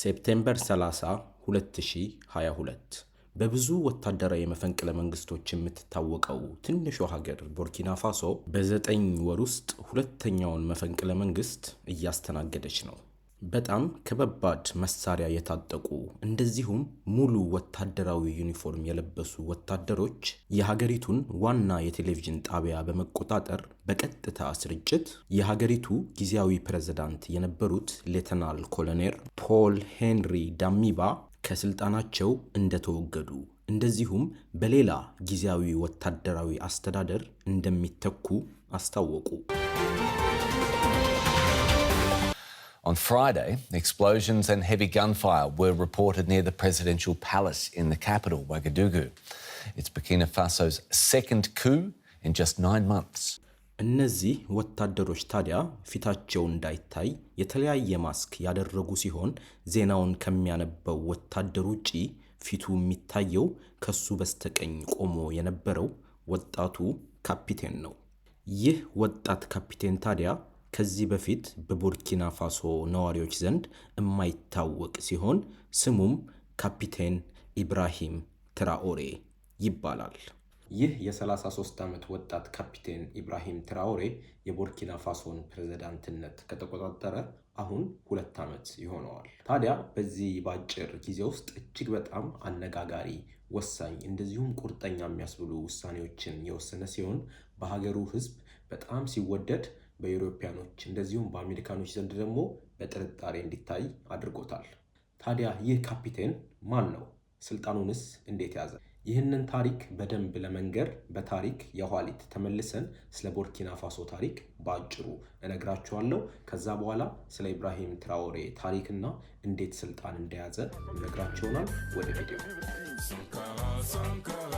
ሴፕቴምበር 30 2022 በብዙ ወታደራዊ የመፈንቅለ መንግስቶች የምትታወቀው ትንሿ ሀገር ቡርኪና ፋሶ በዘጠኝ ወር ውስጥ ሁለተኛውን መፈንቅለ መንግስት እያስተናገደች ነው። በጣም ከበባድ መሳሪያ የታጠቁ እንደዚሁም ሙሉ ወታደራዊ ዩኒፎርም የለበሱ ወታደሮች የሀገሪቱን ዋና የቴሌቪዥን ጣቢያ በመቆጣጠር በቀጥታ ስርጭት የሀገሪቱ ጊዜያዊ ፕሬዝዳንት የነበሩት ሌተናል ኮሎኔል ፖል ሄንሪ ዳሚባ ከስልጣናቸው እንደተወገዱ እንደዚሁም በሌላ ጊዜያዊ ወታደራዊ አስተዳደር እንደሚተኩ አስታወቁ። On Friday, explosions and heavy gunfire were reported near the presidential palace in the capital, Ouagadougou. It's Burkina Faso's second coup in just nine months. እነዚህ ወታደሮች ታዲያ ፊታቸው እንዳይታይ የተለያየ ማስክ ያደረጉ ሲሆን ዜናውን ከሚያነበው ወታደር ውጪ ፊቱ የሚታየው ከሱ በስተቀኝ ቆሞ የነበረው ወጣቱ ካፒቴን ነው። ይህ ወጣት ካፒቴን ታዲያ ከዚህ በፊት በቡርኪና ፋሶ ነዋሪዎች ዘንድ የማይታወቅ ሲሆን ስሙም ካፒቴን ኢብራሂም ትራኦሬ ይባላል። ይህ የ33 ዓመት ወጣት ካፒቴን ኢብራሂም ትራኦሬ የቡርኪና ፋሶን ፕሬዝዳንትነት ከተቆጣጠረ አሁን ሁለት ዓመት ይሆነዋል። ታዲያ በዚህ በአጭር ጊዜ ውስጥ እጅግ በጣም አነጋጋሪ፣ ወሳኝ እንደዚሁም ቁርጠኛ የሚያስብሉ ውሳኔዎችን የወሰነ ሲሆን በሀገሩ ሕዝብ በጣም ሲወደድ በዩሮፒያኖች እንደዚሁም በአሜሪካኖች ዘንድ ደግሞ በጥርጣሬ እንዲታይ አድርጎታል። ታዲያ ይህ ካፒቴን ማን ነው? ስልጣኑንስ እንዴት ያዘ? ይህንን ታሪክ በደንብ ለመንገር በታሪክ የኋሊት ተመልሰን ስለ ቦርኪና ፋሶ ታሪክ በአጭሩ እነግራችኋለሁ። ከዛ በኋላ ስለ ኢብራሂም ትራኦሬ ታሪክና እንዴት ስልጣን እንደያዘ እነግራችኋለሁ። ወደ ቪዲዮ ሳንካራ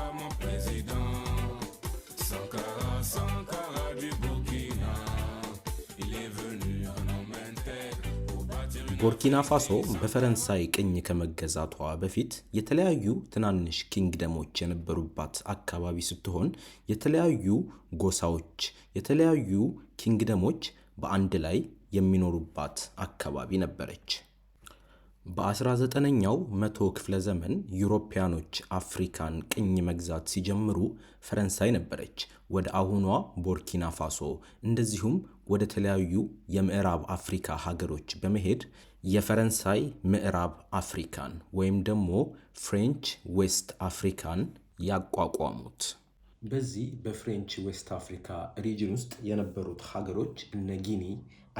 ቡርኪና ፋሶ በፈረንሳይ ቅኝ ከመገዛቷ በፊት የተለያዩ ትናንሽ ኪንግደሞች የነበሩባት አካባቢ ስትሆን የተለያዩ ጎሳዎች፣ የተለያዩ ኪንግደሞች በአንድ ላይ የሚኖሩባት አካባቢ ነበረች። በ19ኛው መቶ ክፍለ ዘመን ዩሮፒያኖች አፍሪካን ቅኝ መግዛት ሲጀምሩ ፈረንሳይ ነበረች ወደ አሁኗ ቦርኪና ፋሶ እንደዚሁም ወደ ተለያዩ የምዕራብ አፍሪካ ሀገሮች በመሄድ የፈረንሳይ ምዕራብ አፍሪካን ወይም ደግሞ ፍሬንች ዌስት አፍሪካን ያቋቋሙት። በዚህ በፍሬንች ዌስት አፍሪካ ሪጅን ውስጥ የነበሩት ሀገሮች እነ ጊኒ፣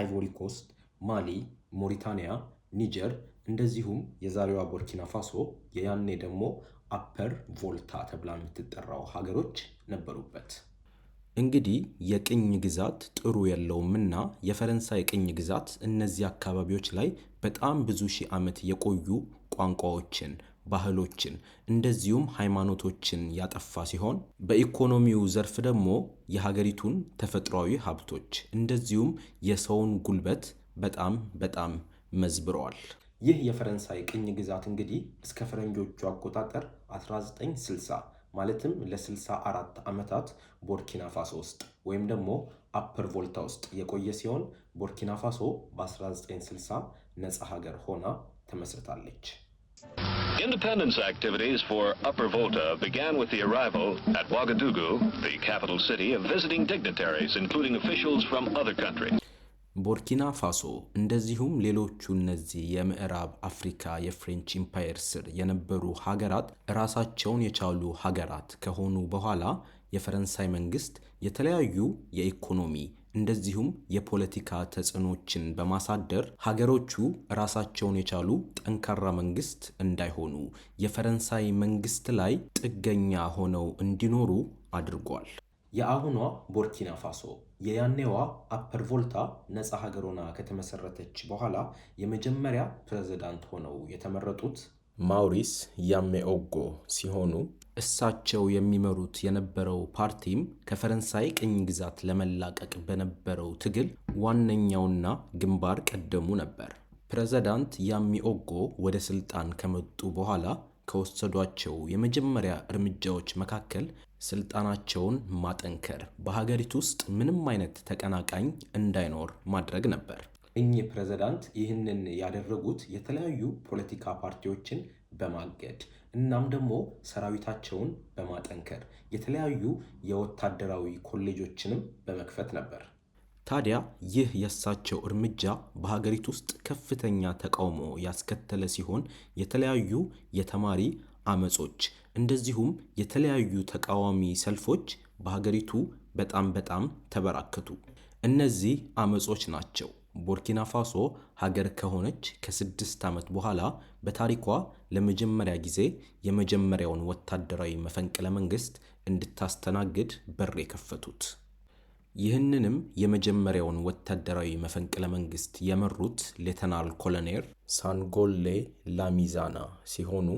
አይቮሪኮስት፣ ማሊ፣ ሞሪታንያ፣ ኒጀር እንደዚሁም የዛሬዋ ቦርኪና ፋሶ የያኔ ደግሞ አፐር ቮልታ ተብላ የምትጠራው ሀገሮች ነበሩበት። እንግዲህ የቅኝ ግዛት ጥሩ የለውምና የፈረንሳይ ቅኝ ግዛት እነዚህ አካባቢዎች ላይ በጣም ብዙ ሺህ ዓመት የቆዩ ቋንቋዎችን፣ ባህሎችን እንደዚሁም ሃይማኖቶችን ያጠፋ ሲሆን በኢኮኖሚው ዘርፍ ደግሞ የሀገሪቱን ተፈጥሯዊ ሀብቶች እንደዚሁም የሰውን ጉልበት በጣም በጣም መዝብረዋል። ይህ የፈረንሳይ ቅኝ ግዛት እንግዲህ እስከ ፈረንጆቹ አቆጣጠር 1960 ማለትም ለ64 ዓመታት ቦርኪና ፋሶ ውስጥ ወይም ደግሞ አፐር ቮልታ ውስጥ የቆየ ሲሆን ቦርኪና ፋሶ በ1960 ነፃ ሀገር ሆና ተመስርታለች። Independence activities for Upper Volta began with the arrival at Ouagadougou, the capital city, of visiting dignitaries, including officials from other countries. ቦርኪና ፋሶ እንደዚሁም ሌሎቹ እነዚህ የምዕራብ አፍሪካ የፍሬንች ኢምፓየር ስር የነበሩ ሀገራት ራሳቸውን የቻሉ ሀገራት ከሆኑ በኋላ የፈረንሳይ መንግስት የተለያዩ የኢኮኖሚ እንደዚሁም የፖለቲካ ተጽዕኖችን በማሳደር ሀገሮቹ ራሳቸውን የቻሉ ጠንካራ መንግስት እንዳይሆኑ የፈረንሳይ መንግስት ላይ ጥገኛ ሆነው እንዲኖሩ አድርጓል። የአሁኗ ቦርኪና ፋሶ የያኔዋ አፐር ቮልታ ነፃ ሀገር ሆና ከተመሰረተች በኋላ የመጀመሪያ ፕሬዝዳንት ሆነው የተመረጡት ማውሪስ ያሜኦጎ ሲሆኑ እሳቸው የሚመሩት የነበረው ፓርቲም ከፈረንሳይ ቅኝ ግዛት ለመላቀቅ በነበረው ትግል ዋነኛውና ግንባር ቀደሙ ነበር። ፕሬዝዳንት ያሚኦጎ ወደ ስልጣን ከመጡ በኋላ ከወሰዷቸው የመጀመሪያ እርምጃዎች መካከል ስልጣናቸውን ማጠንከር፣ በሀገሪቱ ውስጥ ምንም አይነት ተቀናቃኝ እንዳይኖር ማድረግ ነበር። እኚህ ፕሬዝዳንት ይህንን ያደረጉት የተለያዩ ፖለቲካ ፓርቲዎችን በማገድ እናም ደግሞ ሰራዊታቸውን በማጠንከር የተለያዩ የወታደራዊ ኮሌጆችንም በመክፈት ነበር። ታዲያ ይህ የእሳቸው እርምጃ በሀገሪቱ ውስጥ ከፍተኛ ተቃውሞ ያስከተለ ሲሆን የተለያዩ የተማሪ አመጾች እንደዚሁም የተለያዩ ተቃዋሚ ሰልፎች በሀገሪቱ በጣም በጣም ተበራከቱ። እነዚህ አመጾች ናቸው ቦርኪና ፋሶ ሀገር ከሆነች ከስድስት ዓመት በኋላ በታሪኳ ለመጀመሪያ ጊዜ የመጀመሪያውን ወታደራዊ መፈንቅለ መንግስት እንድታስተናግድ በር የከፈቱት። ይህንንም የመጀመሪያውን ወታደራዊ መፈንቅለ መንግስት የመሩት ሌተናል ኮሎኔል ሳንጎሌ ላሚዛና ሲሆኑ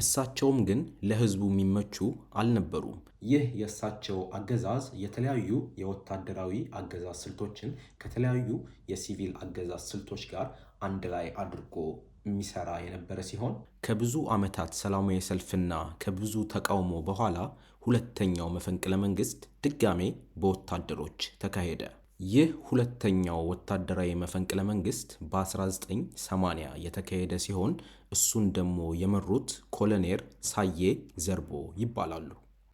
እሳቸውም ግን ለህዝቡ የሚመቹ አልነበሩም። ይህ የእሳቸው አገዛዝ የተለያዩ የወታደራዊ አገዛዝ ስልቶችን ከተለያዩ የሲቪል አገዛዝ ስልቶች ጋር አንድ ላይ አድርጎ የሚሰራ የነበረ ሲሆን ከብዙ ዓመታት ሰላማዊ ሰልፍና ከብዙ ተቃውሞ በኋላ ሁለተኛው መፈንቅለ መንግስት ድጋሜ በወታደሮች ተካሄደ። ይህ ሁለተኛው ወታደራዊ መፈንቅለ መንግስት በ1980 የተካሄደ ሲሆን እሱን ደግሞ የመሩት ኮሎኔል ሳዬ ዘርቦ ይባላሉ።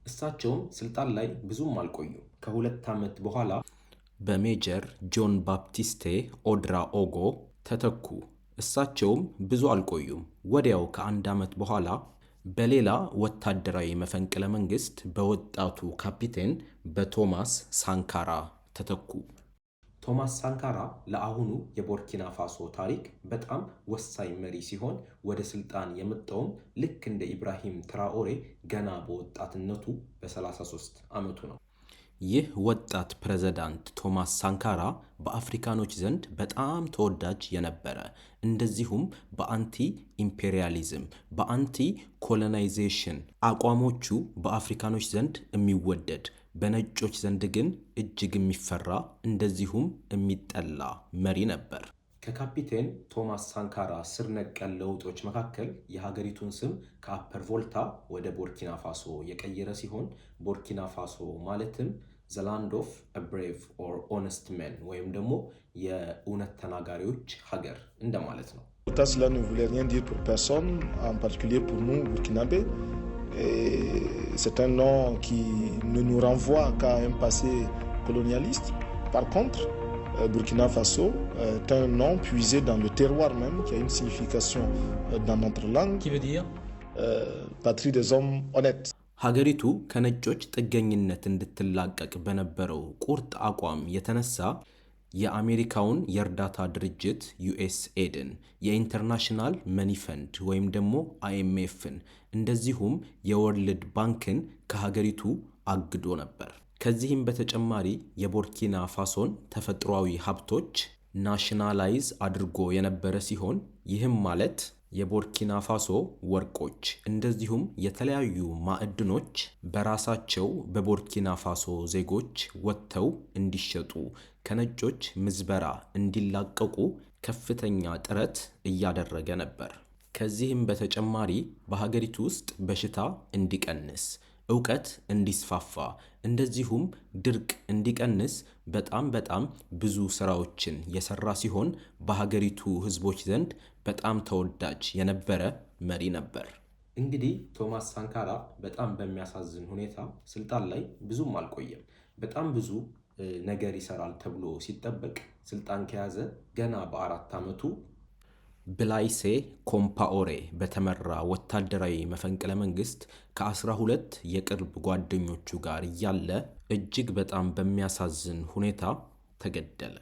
እሳቸውም ስልጣን ላይ ብዙም አልቆዩም። ከሁለት ዓመት በኋላ በሜጀር ጆን ባፕቲስቴ ኦድራ ኦጎ ተተኩ። እሳቸውም ብዙ አልቆዩም። ወዲያው ከአንድ ዓመት በኋላ በሌላ ወታደራዊ መፈንቅለ መንግስት በወጣቱ ካፒቴን በቶማስ ሳንካራ ተተኩ። ቶማስ ሳንካራ ለአሁኑ የቦርኪና ፋሶ ታሪክ በጣም ወሳኝ መሪ ሲሆን ወደ ስልጣን የመጣውም ልክ እንደ ኢብራሂም ትራኦሬ ገና በወጣትነቱ በ33 ዓመቱ ነው። ይህ ወጣት ፕሬዝዳንት ቶማስ ሳንካራ በአፍሪካኖች ዘንድ በጣም ተወዳጅ የነበረ እንደዚሁም በአንቲ ኢምፔሪያሊዝም በአንቲ ኮሎናይዜሽን አቋሞቹ በአፍሪካኖች ዘንድ የሚወደድ በነጮች ዘንድ ግን እጅግ የሚፈራ እንደዚሁም የሚጠላ መሪ ነበር። ከካፒቴን ቶማስ ሳንካራ ስር ነቀል ለውጦች መካከል የሀገሪቱን ስም ከአፐር ቮልታ ወደ ቦርኪና ፋሶ የቀየረ ሲሆን ቦርኪና ፋሶ ማለትም ዘላንድ ኦፍ ብሬቭ ኦር ኦነስት መን ወይም ደግሞ የእውነት ተናጋሪዎች ሀገር እንደማለት ነው። C'est un nom qui ne nous renvoie qu'à un passé colonialiste. Par contre, euh, Burkina Faso est un nom puisé dans le terroir même, qui a une signification euh, dans notre langue. Qui veut dire euh, Patrie des hommes honnêtes. የአሜሪካውን የእርዳታ ድርጅት ዩኤስኤድን የኢንተርናሽናል መኒ ፈንድ ወይም ደግሞ አይኤምኤፍን እንደዚሁም የወርልድ ባንክን ከሀገሪቱ አግዶ ነበር። ከዚህም በተጨማሪ የቦርኪና ፋሶን ተፈጥሯዊ ሀብቶች ናሽናላይዝ አድርጎ የነበረ ሲሆን ይህም ማለት የቦርኪና ፋሶ ወርቆች እንደዚሁም የተለያዩ ማዕድኖች በራሳቸው በቦርኪና ፋሶ ዜጎች ወጥተው እንዲሸጡ ከነጮች ምዝበራ እንዲላቀቁ ከፍተኛ ጥረት እያደረገ ነበር። ከዚህም በተጨማሪ በሀገሪቱ ውስጥ በሽታ እንዲቀንስ፣ እውቀት እንዲስፋፋ፣ እንደዚሁም ድርቅ እንዲቀንስ በጣም በጣም ብዙ ስራዎችን የሰራ ሲሆን በሀገሪቱ ህዝቦች ዘንድ በጣም ተወዳጅ የነበረ መሪ ነበር። እንግዲህ ቶማስ ሳንካራ በጣም በሚያሳዝን ሁኔታ ስልጣን ላይ ብዙም አልቆየም። በጣም ብዙ ነገር ይሰራል ተብሎ ሲጠበቅ ስልጣን ከያዘ ገና በአራት ዓመቱ ብላይሴ ኮምፓኦሬ በተመራ ወታደራዊ መፈንቅለ መንግስት ከአስራ ሁለት የቅርብ ጓደኞቹ ጋር እያለ እጅግ በጣም በሚያሳዝን ሁኔታ ተገደለ።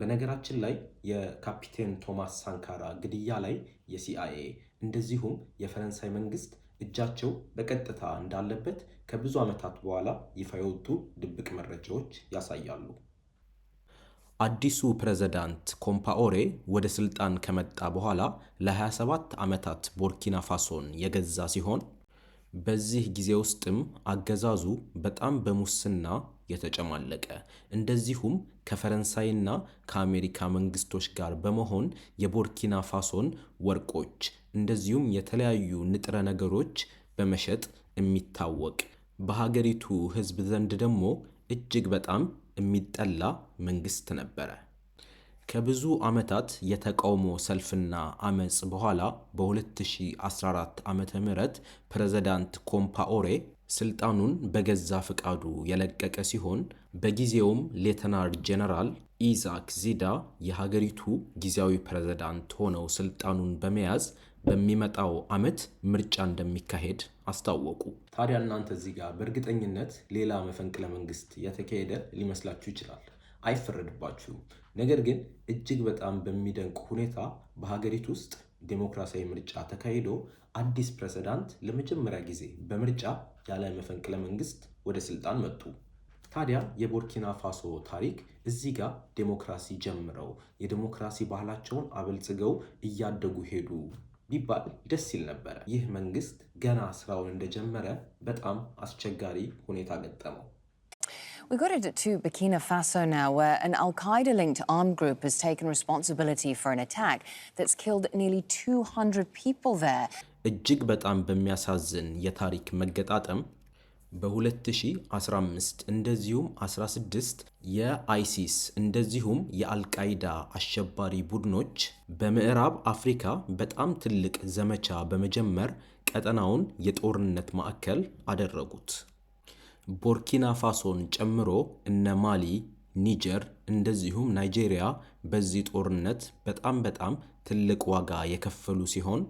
በነገራችን ላይ የካፒቴን ቶማስ ሳንካራ ግድያ ላይ የሲአይኤ እንደዚሁም የፈረንሳይ መንግስት እጃቸው በቀጥታ እንዳለበት ከብዙ ዓመታት በኋላ ይፋ የወጡ ድብቅ መረጃዎች ያሳያሉ። አዲሱ ፕሬዝዳንት ኮምፓኦሬ ወደ ስልጣን ከመጣ በኋላ ለ27 ዓመታት ቦርኪና ፋሶን የገዛ ሲሆን በዚህ ጊዜ ውስጥም አገዛዙ በጣም በሙስና የተጨማለቀ እንደዚሁም ከፈረንሳይና ከአሜሪካ መንግስቶች ጋር በመሆን የቦርኪና ፋሶን ወርቆች እንደዚሁም የተለያዩ ንጥረ ነገሮች በመሸጥ የሚታወቅ በሀገሪቱ ህዝብ ዘንድ ደግሞ እጅግ በጣም የሚጠላ መንግስት ነበረ። ከብዙ ዓመታት የተቃውሞ ሰልፍና አመፅ በኋላ በ2014 ዓ ም ፕሬዝዳንት ኮምፓኦሬ ስልጣኑን በገዛ ፈቃዱ የለቀቀ ሲሆን በጊዜውም ሌተናር ጄኔራል ኢዛክ ዚዳ የሀገሪቱ ጊዜያዊ ፕሬዝዳንት ሆነው ስልጣኑን በመያዝ በሚመጣው ዓመት ምርጫ እንደሚካሄድ አስታወቁ። ታዲያ እናንተ እዚህ ጋር በእርግጠኝነት ሌላ መፈንቅለ መንግስት የተካሄደ ሊመስላችሁ ይችላል። አይፈረድባችሁም። ነገር ግን እጅግ በጣም በሚደንቅ ሁኔታ በሀገሪቱ ውስጥ ዴሞክራሲያዊ ምርጫ ተካሂዶ አዲስ ፕሬዝዳንት ለመጀመሪያ ጊዜ በምርጫ ያለ መፈንቅለ መንግስት ወደ ስልጣን መጡ። ታዲያ የቡርኪና ፋሶ ታሪክ እዚህ ጋር ዴሞክራሲ ጀምረው የዴሞክራሲ ባህላቸውን አበልጽገው እያደጉ ሄዱ ቢባል ደስ ይል ነበረ። ይህ መንግስት ገና ስራውን እንደጀመረ በጣም አስቸጋሪ ሁኔታ ገጠመው። We got it to Burkina Faso now, where an Al Qaeda linked armed group has taken responsibility for an attack that's killed nearly 200 people there. እጅግ በጣም በሚያሳዝን የታሪክ መገጣጠም በ2015 እንደዚሁም 16 የአይሲስ እንደዚሁም የአልቃይዳ አሸባሪ ቡድኖች በምዕራብ አፍሪካ በጣም ትልቅ ዘመቻ በመጀመር ቀጠናውን የጦርነት ማዕከል አደረጉት። ቦርኪና ፋሶን ጨምሮ እነ ማሊ፣ ኒጀር እንደዚሁም ናይጄሪያ በዚህ ጦርነት በጣም በጣም ትልቅ ዋጋ የከፈሉ ሲሆን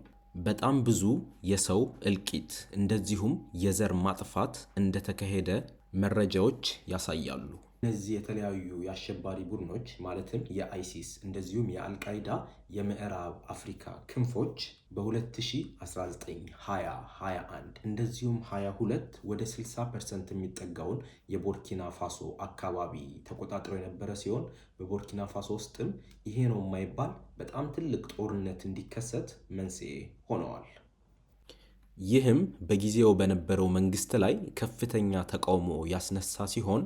በጣም ብዙ የሰው እልቂት እንደዚሁም የዘር ማጥፋት እንደተካሄደ መረጃዎች ያሳያሉ። እነዚህ የተለያዩ የአሸባሪ ቡድኖች ማለትም የአይሲስ እንደዚሁም የአልቃይዳ የምዕራብ አፍሪካ ክንፎች በ2019፣ እንደዚሁም 22 ወደ 60 ፐርሰንት የሚጠጋውን የቦርኪና ፋሶ አካባቢ ተቆጣጥሮ የነበረ ሲሆን በቦርኪና ፋሶ ውስጥም ይሄ ነው የማይባል በጣም ትልቅ ጦርነት እንዲከሰት መንስኤ ሆነዋል። ይህም በጊዜው በነበረው መንግስት ላይ ከፍተኛ ተቃውሞ ያስነሳ ሲሆን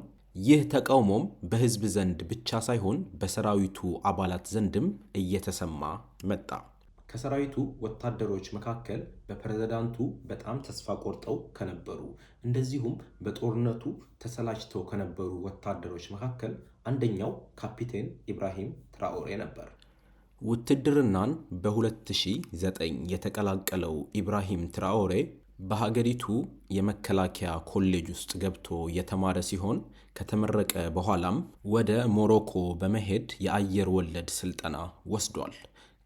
ይህ ተቃውሞም በህዝብ ዘንድ ብቻ ሳይሆን በሰራዊቱ አባላት ዘንድም እየተሰማ መጣ። ከሰራዊቱ ወታደሮች መካከል በፕሬዝዳንቱ በጣም ተስፋ ቆርጠው ከነበሩ እንደዚሁም በጦርነቱ ተሰላችተው ከነበሩ ወታደሮች መካከል አንደኛው ካፒቴን ኢብራሂም ትራኦሬ ነበር። ውትድርናን በ2009 የተቀላቀለው ኢብራሂም ትራኦሬ በሀገሪቱ የመከላከያ ኮሌጅ ውስጥ ገብቶ የተማረ ሲሆን ከተመረቀ በኋላም ወደ ሞሮኮ በመሄድ የአየር ወለድ ስልጠና ወስዷል።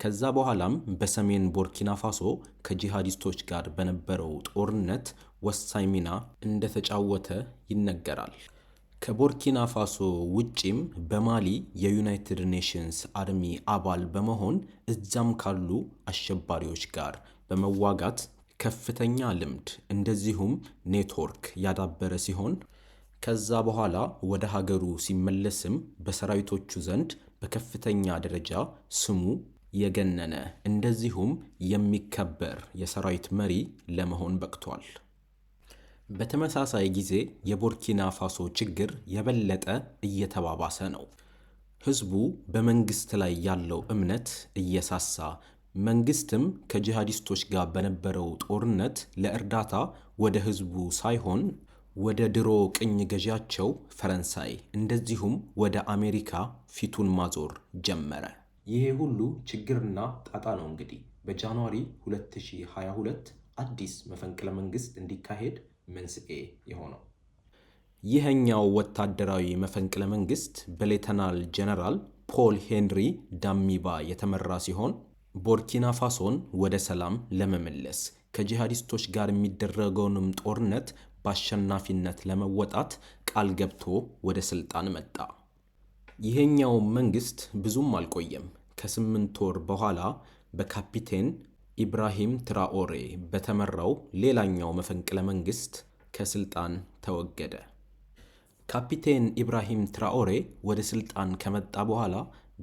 ከዛ በኋላም በሰሜን ቦርኪና ፋሶ ከጂሃዲስቶች ጋር በነበረው ጦርነት ወሳኝ ሚና እንደተጫወተ ይነገራል። ከቦርኪና ፋሶ ውጪም በማሊ የዩናይትድ ኔሽንስ አርሚ አባል በመሆን እዛም ካሉ አሸባሪዎች ጋር በመዋጋት ከፍተኛ ልምድ እንደዚሁም ኔትወርክ ያዳበረ ሲሆን ከዛ በኋላ ወደ ሀገሩ ሲመለስም በሰራዊቶቹ ዘንድ በከፍተኛ ደረጃ ስሙ የገነነ እንደዚሁም የሚከበር የሰራዊት መሪ ለመሆን በቅቷል። በተመሳሳይ ጊዜ የቡርኪና ፋሶ ችግር የበለጠ እየተባባሰ ነው። ህዝቡ በመንግስት ላይ ያለው እምነት እየሳሳ፣ መንግስትም ከጂሃዲስቶች ጋር በነበረው ጦርነት ለእርዳታ ወደ ህዝቡ ሳይሆን ወደ ድሮ ቅኝ ገዢያቸው ፈረንሳይ እንደዚሁም ወደ አሜሪካ ፊቱን ማዞር ጀመረ። ይሄ ሁሉ ችግርና ጣጣ ነው እንግዲህ በጃንዋሪ 2022 አዲስ መፈንቅለ መንግስት እንዲካሄድ መንስኤ የሆነው። ይህኛው ወታደራዊ መፈንቅለ መንግስት በሌተናል ጀነራል ፖል ሄንሪ ዳሚባ የተመራ ሲሆን ቦርኪና ፋሶን ወደ ሰላም ለመመለስ ከጂሃዲስቶች ጋር የሚደረገውንም ጦርነት በአሸናፊነት ለመወጣት ቃል ገብቶ ወደ ስልጣን መጣ። ይሄኛው መንግስት ብዙም አልቆየም። ከስምንት ወር በኋላ በካፒቴን ኢብራሂም ትራኦሬ በተመራው ሌላኛው መፈንቅለ መንግስት ከስልጣን ተወገደ። ካፒቴን ኢብራሂም ትራኦሬ ወደ ስልጣን ከመጣ በኋላ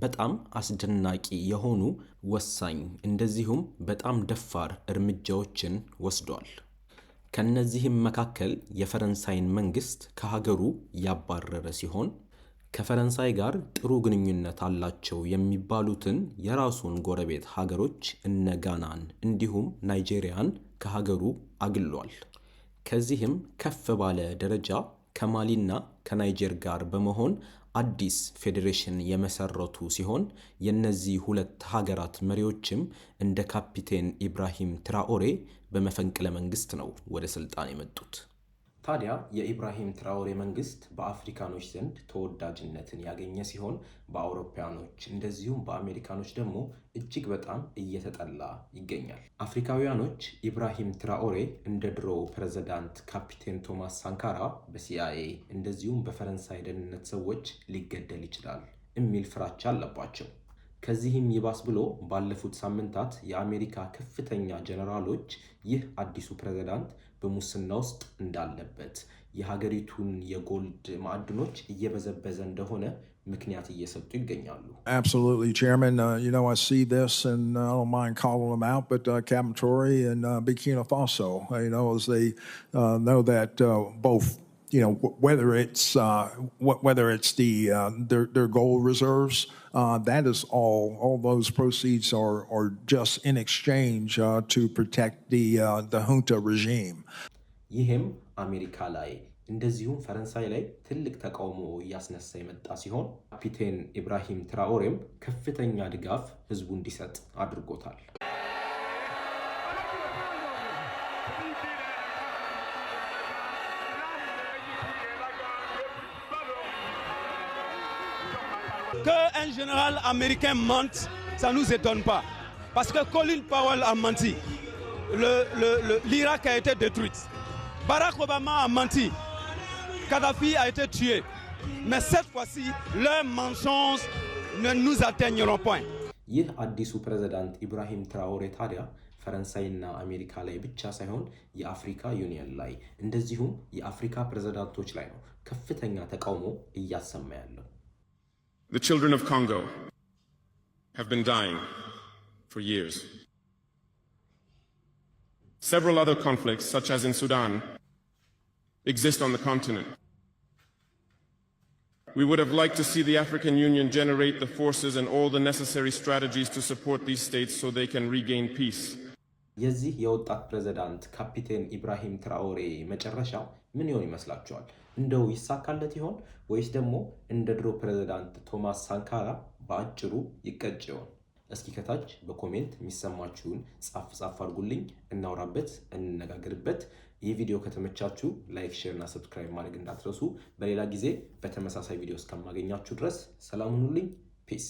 በጣም አስደናቂ የሆኑ ወሳኝ እንደዚሁም በጣም ደፋር እርምጃዎችን ወስዷል። ከእነዚህም መካከል የፈረንሳይን መንግስት ከሀገሩ ያባረረ ሲሆን ከፈረንሳይ ጋር ጥሩ ግንኙነት አላቸው የሚባሉትን የራሱን ጎረቤት ሀገሮች እነ ጋናን እንዲሁም ናይጄሪያን ከሀገሩ አግሏል። ከዚህም ከፍ ባለ ደረጃ ከማሊና ከናይጀር ጋር በመሆን አዲስ ፌዴሬሽን የመሰረቱ ሲሆን የእነዚህ ሁለት ሀገራት መሪዎችም እንደ ካፒቴን ኢብራሂም ትራኦሬ በመፈንቅለ መንግስት ነው ወደ ስልጣን የመጡት። ታዲያ የኢብራሂም ትራውሬ መንግስት በአፍሪካኖች ዘንድ ተወዳጅነትን ያገኘ ሲሆን በአውሮፓውያኖች እንደዚሁም በአሜሪካኖች ደግሞ እጅግ በጣም እየተጠላ ይገኛል። አፍሪካውያኖች ኢብራሂም ትራኦሬ እንደ ድሮ ፕሬዝዳንት ካፒቴን ቶማስ ሳንካራ በሲአይኤ እንደዚሁም በፈረንሳይ ደህንነት ሰዎች ሊገደል ይችላል የሚል ፍራቻ አለባቸው። ከዚህም ይባስ ብሎ ባለፉት ሳምንታት የአሜሪካ ከፍተኛ ጀነራሎች ይህ አዲሱ ፕሬዝዳንት በሙስና ውስጥ እንዳለበት የሀገሪቱን የጎልድ ማዕድኖች እየበዘበዘ እንደሆነ ምክንያት እየሰጡ ይገኛሉ። Absolutely, you know whether it's uh, whether it's the uh, their, their gold reserves uh, that is all all those proceeds are are just in exchange uh, to protect the uh, the junta regime ይህም አሜሪካ ላይ እንደዚሁም ፈረንሳይ ላይ ትልቅ ተቃውሞ እያስነሳ የመጣ ሲሆን ካፒቴን ኢብራሂም ትራኦሬም ከፍተኛ ድጋፍ ህዝቡ እንዲሰጥ አድርጎታል général américain ment, ça ne nous étonne pas. Parce que Colin Powell a menti. L'Irak a été détruit. Barack Obama a menti. Kadhafi a été tué. Mais cette fois-ci, leurs mensonges ne nous atteigniront point. Il a dit au président Ibrahim Traoré Ference français, et Lay Bitchassayon et Africa Union Lay. Nous avons dit à la présidente d'Afrique Tochlayon que le fait d'être comme moi est The children of Congo have been dying for years. Several other conflicts, such as in Sudan, exist on the continent. We would have liked to see the African Union generate the forces and all the necessary strategies to support these states so they can regain peace. የዚህ የወጣት ካፒቴን ኢብራሂም ትራኦሬ መጨረሻው ምን ይሆን ይመስላችኋል? እንደው ይሳካለት ይሆን ወይስ ደግሞ እንደ ድሮ ፕሬዚዳንት ቶማስ ሳንካራ በአጭሩ ይቀጭ ይሆን? እስኪ ከታች በኮሜንት የሚሰማችሁን ጻፍ ጻፍ አድርጉልኝ። እናውራበት፣ እንነጋገርበት። ይህ ቪዲዮ ከተመቻችሁ ላይክ፣ ሼር እና ሰብስክራይብ ማድረግ እንዳትረሱ። በሌላ ጊዜ በተመሳሳይ ቪዲዮ እስከማገኛችሁ ድረስ ሰላም ሁኑልኝ። ፒስ